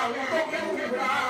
lugar, o programa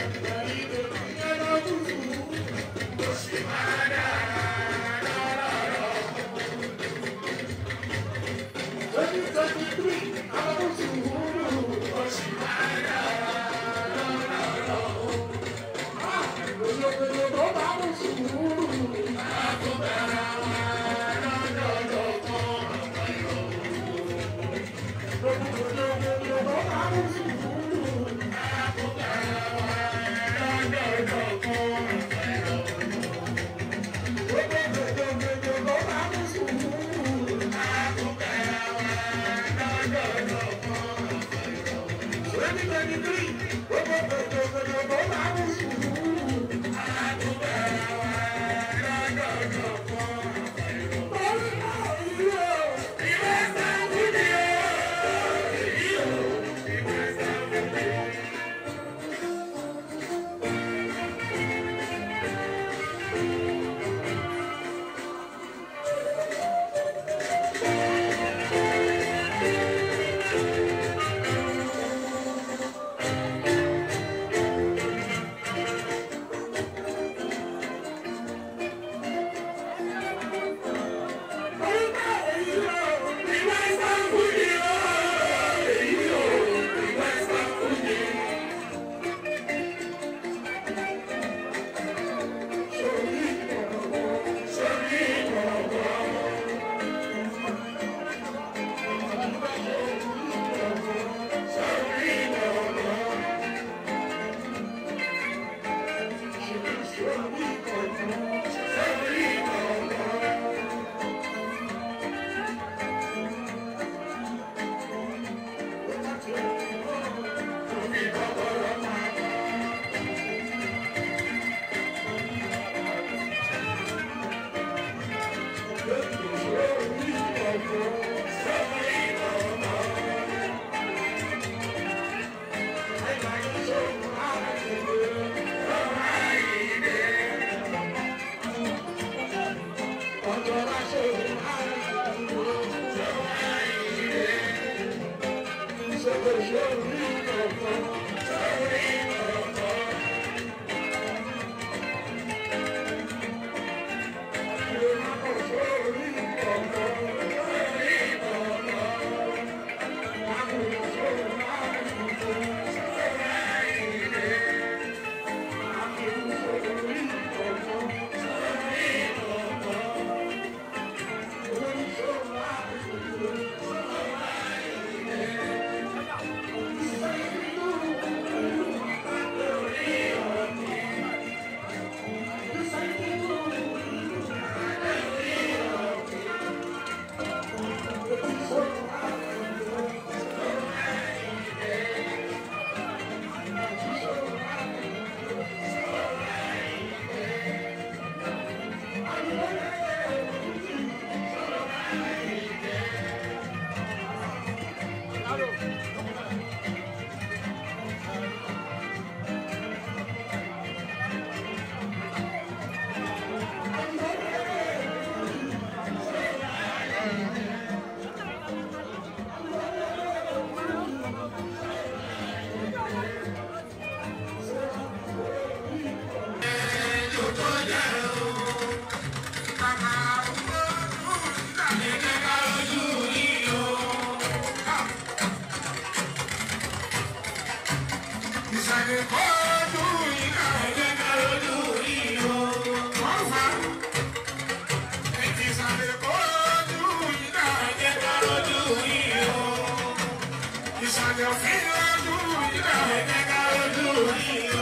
Thank you. Amen. I Hallelujah.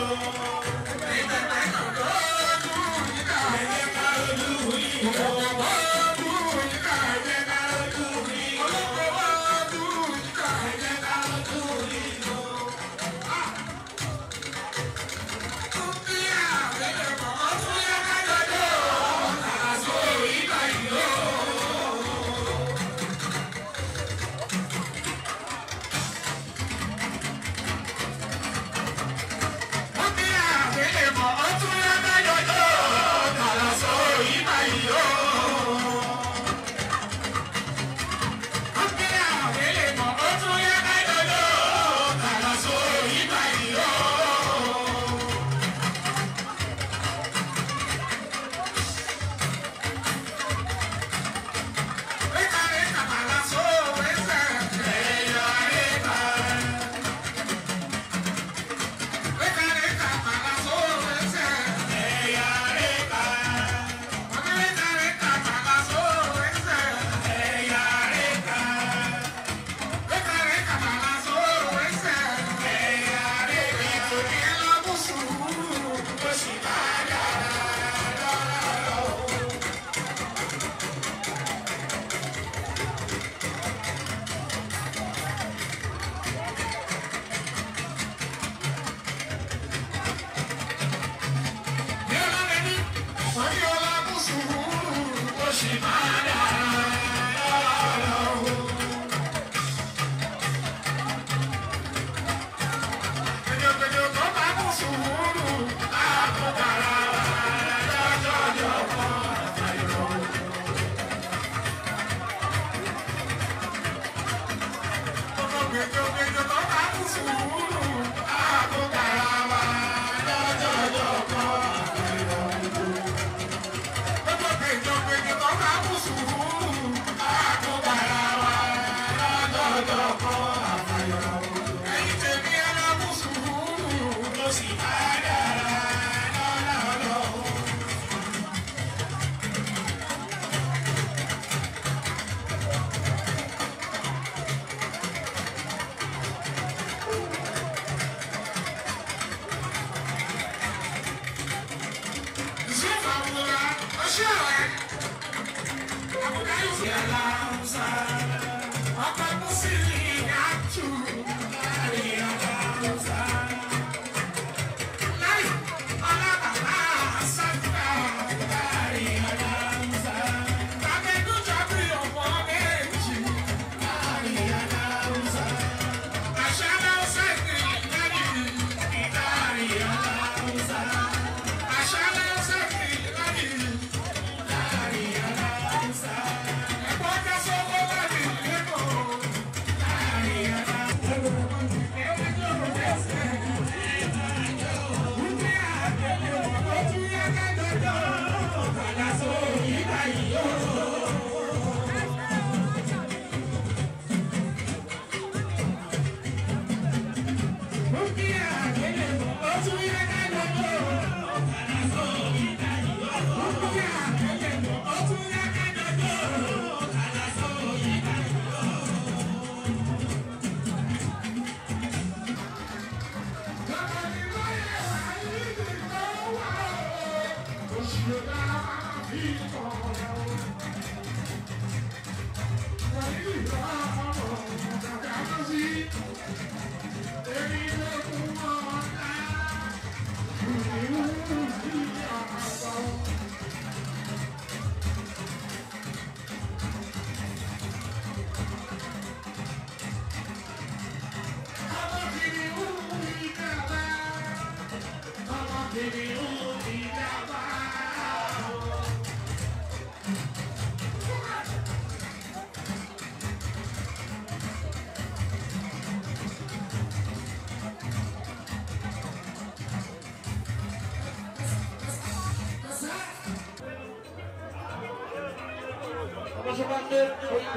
ṣe bá dé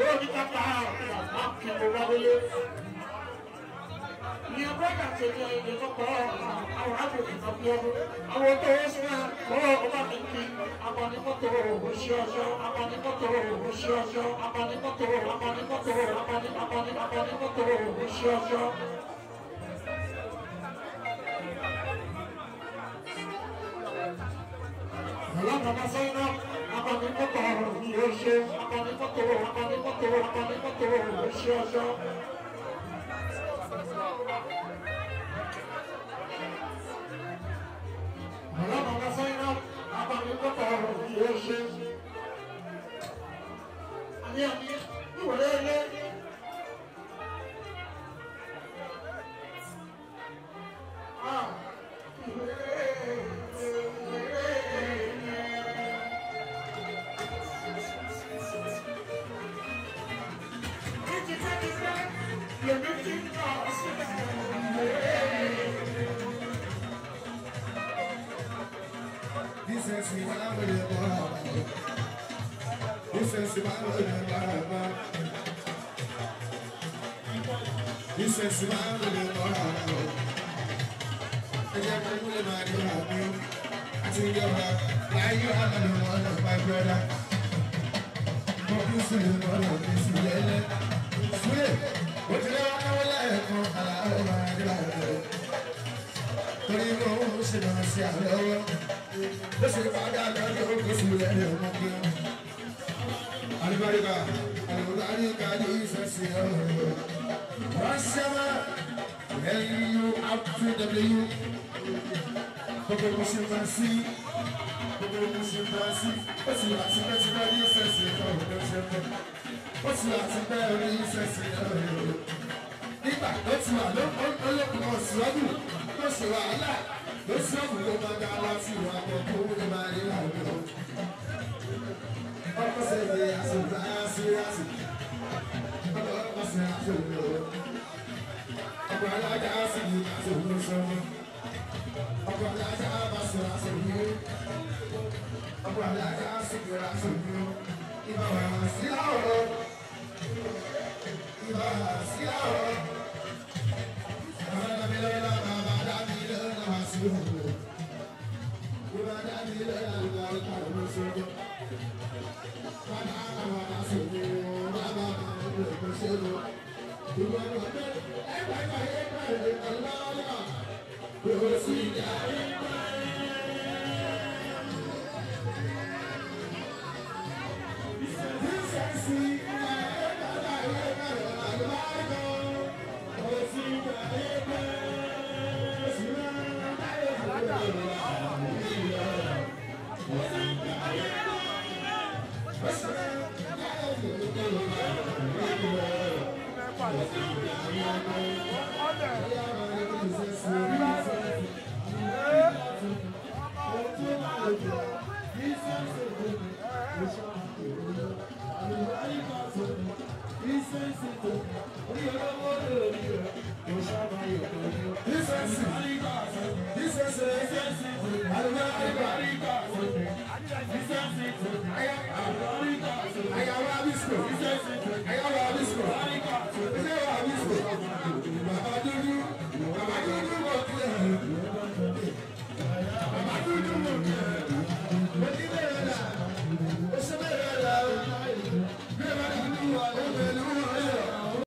lórí kápá àti ìwádìí. Ìyẹn bọ́dà ṣe jẹ ìdè tó pọ̀ àwọn àgbègbè kan bí ọdún. Àwọn tó wọ́n sún náà lọ́wọ́ ọba mi kí abanikọ́tò oṣù ọṣọ abanikọ́tò oṣù ọṣọ abanikọ́tò abanikọ́tò abanikọ́tò oṣù ọṣọ. Ìyá bàbá sẹ́yìn náà. Yes, yes, yes. ìsẹ̀sì máa ń rẹ̀ bá ìsẹ̀sì máa ń rẹ̀ bá bá ìsẹ̀sì máa ń rẹ̀ bá ẹ̀jẹ̀ pẹ̀lú lè máa ní àmì àti ìjọba láyé àmàlù wọn ọ̀pá gbọ́dá mọ́ bí sílẹ̀ lọ́nà bí sílẹ̀ lẹ́ sílẹ̀ òjìlẹ̀ wọn káwọ́ lẹ́ẹ̀kan àlàáfíà nígbà rẹ̀ torí mo ń ṣe máa ṣe àlọ́wọ́ oṣù bá dàgbà ní oṣù lẹ́yìn ọmọ kí ọ. alibarika alibarika ní nígbà tó ti wà lọ́kọ̀ọ́ lọ́kọ̀ọ́ síwájú tó ṣe wàhálà lọ́sọ̀mù ló máa ga láti wà pọ̀ tó ló máa rí làwọn. ọkọ̀ sẹ́yìn àṣùgbà síwáṣì ọkọ̀ ọkọ̀ sẹ́yìn àṣùgbà ọkọ̀ alága sì ní àṣùgbà sọ́mọ́ ọkọ̀ alága bá sọ àṣùgbà ọkọ̀ alága sì ní àṣùgbà ìbáwá sí àwọ̀ ìbáwá sí àwọ̀.